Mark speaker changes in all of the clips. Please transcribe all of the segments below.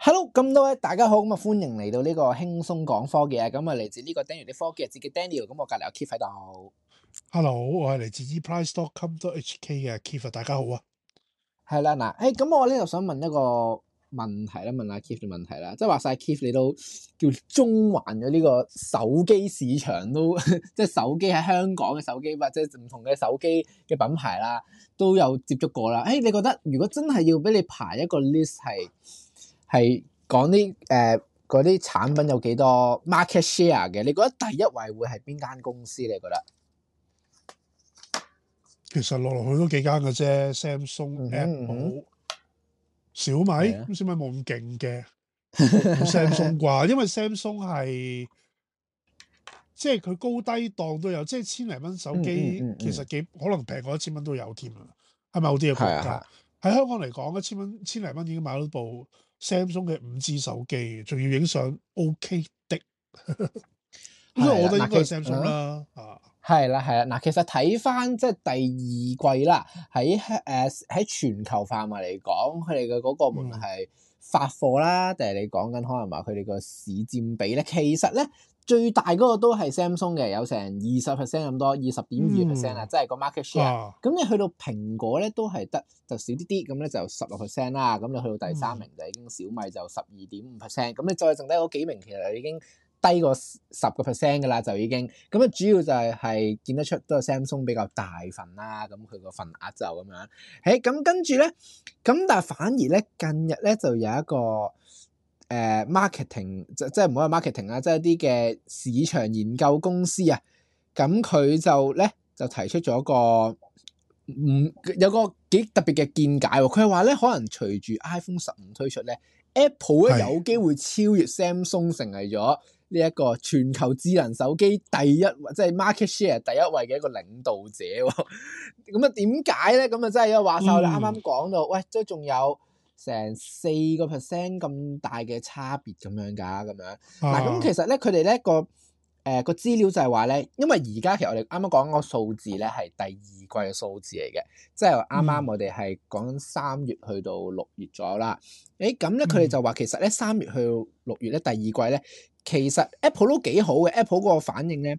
Speaker 1: hello，咁多位大家好，咁啊歡迎嚟到呢、這個輕鬆講科技啊，咁啊嚟自呢個 Daniel 啲科技，自己 Daniel，咁我隔籬有 Keith 喺度。Hello，我係嚟自 eprice.com.hk 嘅 Keith，大家好啊。係啦，嗱， 誒，咁、嗯嗯嗯、我呢度想問一個問題啦，問下 Keith 嘅問題啦，即、就、係、是、話晒 Keith 你都叫中環嘅呢個手機市場都，即係、就是、手機喺香港嘅手機或者唔同嘅手機嘅品牌啦，都有接觸過啦。誒，你覺得如果真係要俾你排一個 list 係？ 係講啲誒，嗰啲、呃、產品有幾多 market share 嘅？你覺得第一位會係邊間公司？你覺得？其實落落去都幾間嘅啫，Samsung、
Speaker 2: Apple、小米，啊、小米冇咁勁嘅，Samsung 啩？因為 Samsung 係即係佢高低檔都有，即係千零蚊手機、嗯嗯嗯嗯、其實幾可能平過一千蚊都有添啊，係咪好啲嘅國家？喺香港嚟講，一千蚊、千零蚊已經買到部。Samsung 嘅五 G 手機，仲要影相 OK 的，因 啊的， 我覺得應該係、嗯、Samsung 啦
Speaker 1: 吧，啊，係啦，係啦，嗱，其實睇翻即係第二季啦，喺香喺全球範圍嚟講，佢哋嘅嗰個問題、嗯。發貨啦，定係你講緊可能話佢哋個市佔比咧？其實咧，最大嗰個都係 Samsung 嘅，有成二十 percent 咁多，二十點二 percent 啦，嗯、即係個 market share。咁、嗯、你去到蘋果咧，都係得就少啲啲，咁咧就十六 percent 啦。咁你去到第三名就已經小米就十二點五 percent，咁你再剩低嗰幾名其實已經。低過十個 percent 嘅啦，就已經咁啊！主要就係係見得出都係 Samsung 比較大份啦，咁佢個份額就咁樣。誒，咁跟住咧，咁但係反而咧，近日咧就有一個誒、呃、marketing，即係唔好話 marketing 啊，即係一啲嘅市場研究公司啊，咁佢就咧就提出咗個唔有一個幾特別嘅見解喎。佢話咧，可能隨住 iPhone 十五推出咧，Apple 咧有機會超越 Samsung 成為咗。呢一個全球智能手機第一即係、就是、market share 第一位嘅一個領導者喎。咁、 嗯嗯、啊，點解咧？咁啊，真係啊，華我哋啱啱講到，喂，即係仲有成四個 percent 咁大嘅差別咁樣㗎，咁樣。嗱，咁其實咧、那個，佢哋咧個誒個資料就係話咧，因為而家其實我哋啱啱講嗰個數字咧係第二季嘅數字嚟嘅，即係啱啱我哋係講三月去到六月左右啦。誒，咁咧佢哋就話其實咧三月去到六月咧第二季咧。其實 Apple 都幾好嘅，Apple 個反應咧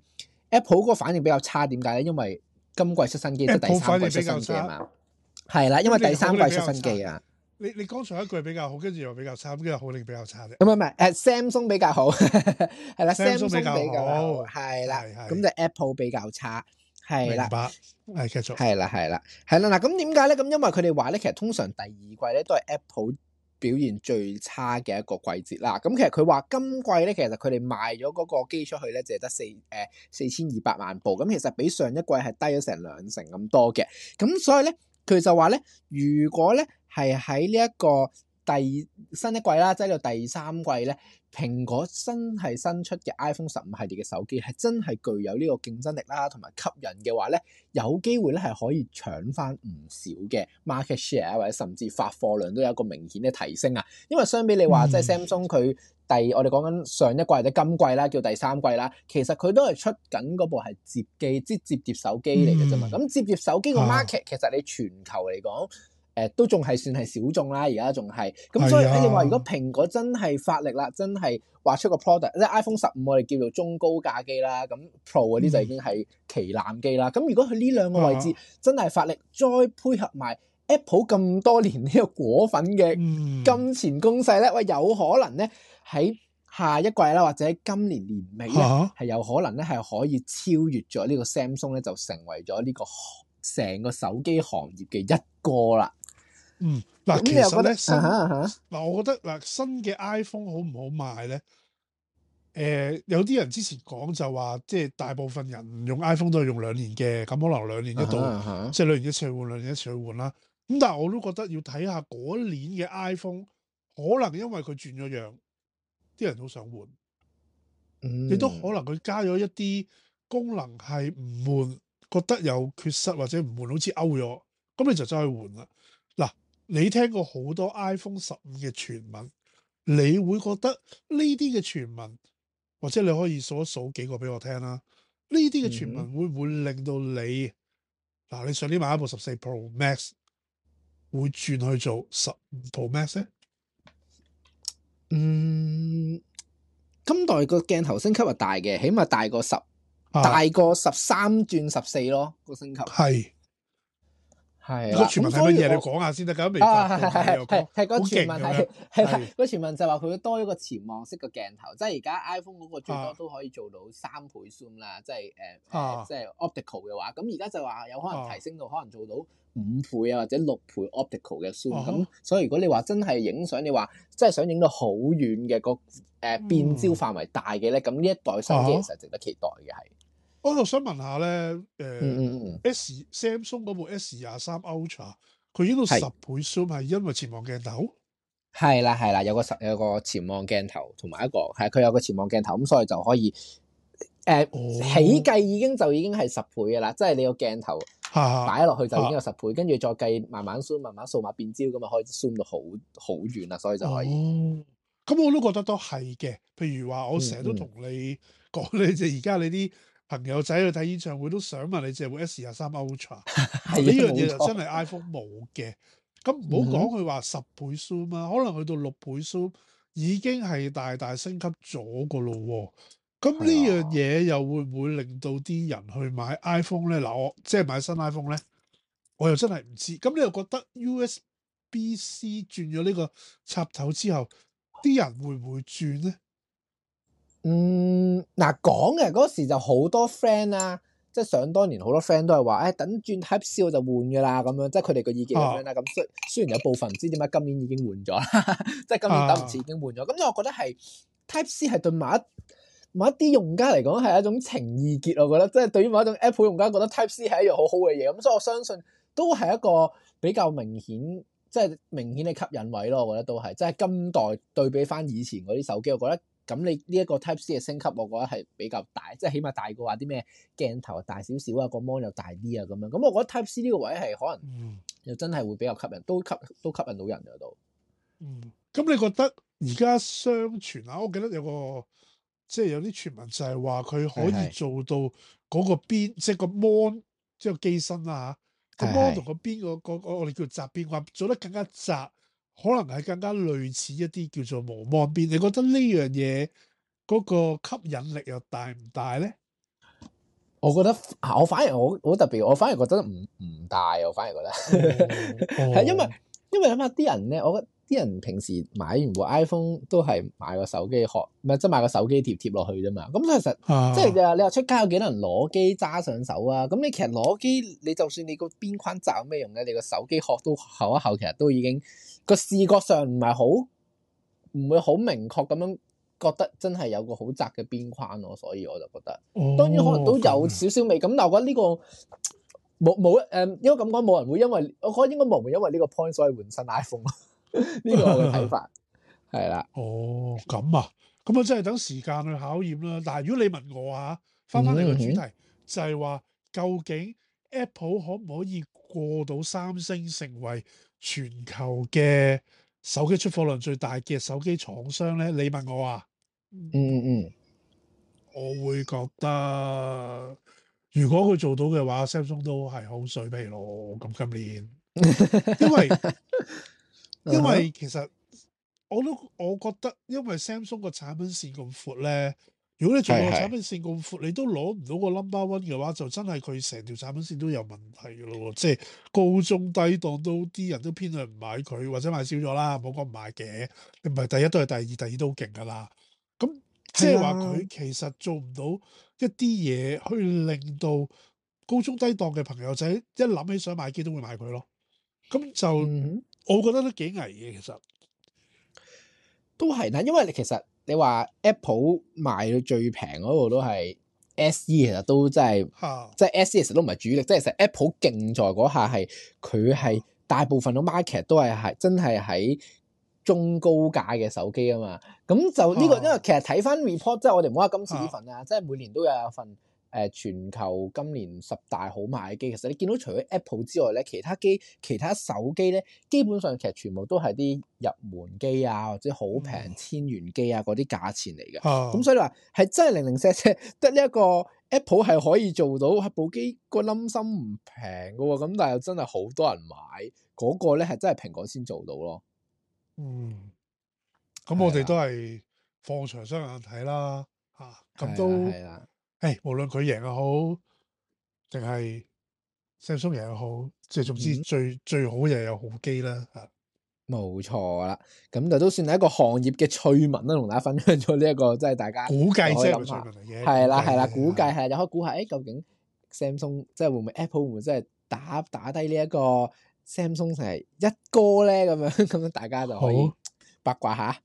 Speaker 1: ，Apple 個反應比較差，點解咧？因為今季出新機即係第三季出新機啊嘛，Apple 反應比較差。係啦，因為第三季出新機啊。
Speaker 2: 你你剛才一句比較好，跟住又比較差，跟住好定比較差咧？咁啊
Speaker 1: 唔係，誒 Samsung 比較好，係啦，Samsung 比較好，係啦。咁就 Apple 比較差，係啦，係繼續，係啦係啦，係啦嗱。咁點解咧？咁因為佢哋話咧，其實通常第二季咧都係 Apple。表現最差嘅一個季節啦，咁其實佢話今季咧，其實佢哋賣咗嗰個機出去咧，就係得四誒四千二百萬部，咁其實比上一季係低咗成兩成咁多嘅，咁所以咧佢就話咧，如果咧係喺呢一個。第新一季啦，即係到第三季咧，蘋果真係新出嘅 iPhone 十五系列嘅手機，係真係具有呢個競爭力啦，同埋吸引嘅話咧，有機會咧係可以搶翻唔少嘅 market share，或者甚至發貨量都有個明顯嘅提升啊！因為相比你話、嗯、即係是、嗯、Samsung 佢第，我哋講緊上一季或者今季啦，叫第三季啦，其實佢都係出緊嗰部係折機，即係折疊手機嚟嘅啫嘛。咁折疊手機個 market 其實你全球嚟講，誒都仲係算係小眾啦，而家仲係咁，嗯、所以你話、啊、如果蘋果真係發力啦，真係畫出個 product，即係 iPhone 十五，我哋叫做中高價機啦，咁 Pro 嗰啲、嗯、就已經係旗艦機啦。咁如果佢呢兩個位置真係發力，啊、再配合埋 Apple 咁多年呢個果粉嘅金錢攻勢咧，嗯、喂，有可能咧喺下一季啦，或者今年年尾咧，係、啊、有可能咧係可以超越咗呢個 Samsung 咧，就成為咗呢個成個手機行業嘅一哥啦。嗯，嗱，其實咧，
Speaker 2: 嗱，我覺得嗱，新嘅 iPhone 好唔好賣咧？誒、呃，有啲人之前講就話，即、就、係、是、大部分人用 iPhone 都係用兩年嘅，咁可能兩年，啊啊、年一度，即係兩年一次去換，兩年一次去換啦。咁但係我都覺得要睇下嗰一年嘅 iPhone，可能因為佢轉咗樣，啲人好想換，亦、嗯、都可能佢加咗一啲功能係唔換，嗯、覺得有缺失或者唔換，好似 out 咗，咁你就走去換啦。你聽過好多 iPhone 十五嘅傳聞，你會覺得呢啲嘅傳聞，或者你可以數一數幾個俾我聽啦。呢啲嘅傳聞會唔會令到你嗱？嗯，你上年買一部十四 Pro Max，會轉去做十五 Pro Max？嗯，
Speaker 1: 今代個鏡頭升級係大嘅，起碼大過十、啊，大過十三轉十四咯，個升級係。係個傳聞係乜嘢？那個、你講下先得㗎，未？係係係係係個傳聞係係個傳聞就話佢多咗個潛望式嘅鏡頭，即係而家 iPhone 嗰個最多都可以做到三倍 zoom 啦，即係誒即係 optical 嘅話，咁而家就話有可能提升到可能做到五倍啊或者六倍 optical 嘅 zoom，咁、啊、所以如果你話真係影相，啊、你話真係想影到好遠嘅個誒變焦範,範圍大嘅咧，咁呢、嗯、一代手機其實值得期待嘅係。我
Speaker 2: 就想問下咧，誒、呃 S, 嗯、S,， Samsung 嗰部 S 廿三 Ultra，佢影到十倍 zoom 係是因為潛望鏡頭？
Speaker 1: 係啦係啦，有個十有個潛望鏡頭，同埋一個係佢有個潛望鏡頭，咁所以就可以，誒，起計已經就已經係十倍嘅啦，即係你個鏡頭擺落去就已經有十倍，跟住再計慢慢 zoom，慢慢數碼變焦咁啊，可以 zoom 到好好遠啦，所以就可以。
Speaker 2: 咁我都覺得都係嘅，譬如話，我成日都同你講，你即係而家你啲。朋友仔去睇演唱會都想問你借部 S 二三 Ultra，呢樣嘢就真係 iPhone 冇嘅。咁唔好講佢話十倍 zoom 啊，mm hmm. 可能去到六倍 zoom 已經係大大升級咗個咯。咁呢樣嘢又會唔會令到啲人去買 iPhone 咧？嗱， 我即係買新 iPhone 咧，我又真係唔知。咁你又覺得 USB-C 轉咗呢個插頭之後，啲人會唔會轉咧？
Speaker 1: 嗯，嗱，講嘅嗰時就好多 friend 啊，即係想當年好多 friend 都係話，誒、哎、等轉 Type C 我就換噶啦，咁樣即係佢哋嘅意見咁樣啦。咁、啊、雖雖然有部分唔知點解今年已經換咗， 即係今年等唔已經換咗。咁、啊嗯、我覺得係 Type C 係對某一某一啲用家嚟講係一種情意結，我覺得即係對於某一種 Apple 用家覺得 Type C 係一樣好好嘅嘢。咁所以我相信都係一個比較明顯，即、就、係、是、明顯嘅吸引位咯。我覺得都係，即係今代對比翻以前嗰啲手機，我覺得。咁你呢一個 Type C 嘅升級，我覺得係比較大，即係起碼大過話啲咩鏡頭大少少啊，個芒又大啲啊咁樣。咁我覺得 Type C 呢個位係可能又真係會比較吸引，嗯、都吸都吸引到人嘅到。嗯，咁你覺得而家相傳啊？嗯、我記得
Speaker 2: 有個即係有啲傳聞就係話佢可以做到嗰個邊，即係個芒，即係機身啊。嚇。個芒同個邊個個我哋叫窄邊，話做得更加窄。可能係更加類似一啲叫做無望邊，你覺得呢樣嘢嗰個吸引力又大唔大咧？
Speaker 1: 我覺得，我反而我好特別，我反而覺得唔唔大，我反而覺得係、 嗯哦、 因為因為諗下啲人咧，我覺得。啲人平時買完部 iPhone 都係買個手機殼，唔係即係買個手機貼貼落去啫嘛。咁其實即係 Yeah. 你話出街有幾多人攞機揸上手啊？咁你其實攞機，你就算你個邊框窄咩用咧？你個手機殼都厚一厚，其實都已經個視覺上唔係好，唔會好明確咁樣覺得真係有個好窄嘅邊框咯、啊。所以我就覺得、mm hmm. 當然可能都有少少味咁。但我覺得呢、呢個冇冇誒，因為咁講冇人會因為我覺得應該冇人會因為呢個 point 所以換新 iPhone 咯。
Speaker 2: 呢 個我嘅睇法係啦， 的哦咁啊，咁啊，真係等時間去考驗啦。但係如果你問我啊，翻翻呢個主題嗯嗯嗯就係話，究竟 Apple 可唔可以過到三星，成為全球嘅手機出貨量最大嘅手機廠商咧？你問我啊，
Speaker 1: 嗯嗯
Speaker 2: 我會覺得如果佢做到嘅話，Samsung 都係好水皮咯，皮如我咁今年，因為。
Speaker 1: 因為其
Speaker 2: 實我都我覺得，因為 Samsung 個產品線咁闊咧，如果你做個產品線咁闊，是是你都攞唔到個 number one 嘅話，就真係佢成條產品線都有問題嘅咯喎！即、就、係、是、高中低檔都啲人都偏向唔買佢，或者買少咗啦，冇講唔買嘅。你唔係第一都係第二，第二都好勁噶啦。咁即係話佢其實做唔到一啲嘢去令到高中低檔嘅朋友仔一諗起想買機都會買佢咯。咁就。嗯我覺得都幾危嘅，其實
Speaker 1: 都係嗱，因為你其實你話 Apple 賣到最平嗰個都係 S, 的 E，其實都真係，即係 S E 其實都唔係主力，即、就、係、是、其實 Apple 勁在嗰下係佢係大部分嘅 market 都係係真係喺中高價嘅手機啊嘛，咁就呢、這個的因為其實睇返 report，即係我哋唔好話今次呢份啊，即係的的每年都有一份。誒，全球今年十大好買嘅機，其實你見到除咗 Apple 之外咧，其他機、其他手機咧，基本上其實全部都係啲入門機啊，或者好平千元機啊嗰啲價錢嚟嘅。咁、啊、所以話係真係零零舍舍得呢一個 Apple 係可以做到，部機個冧心唔平嘅，咁但係又真係好多人買嗰、那個咧，係真係蘋果先做到咯。
Speaker 2: 嗯，咁我哋都係放長雙眼睇啦，吓咁、啊啊、都係啦。誒、哎，無論佢贏又好，定係 Samsung 贏又好，即係總之最、嗯、最好嘅又有好機啦，吓、
Speaker 1: 嗯，冇錯啦，咁就都算係一個行業嘅趣聞啦，同大家分享咗呢一個，即係大家估計即係，係啦係啦，估計係，又可以估下，誒，究竟 Samsung 即係會唔會 Apple 會唔會即係打打低呢一個 Samsung 成係一哥咧，咁樣咁樣，大家就好八卦下。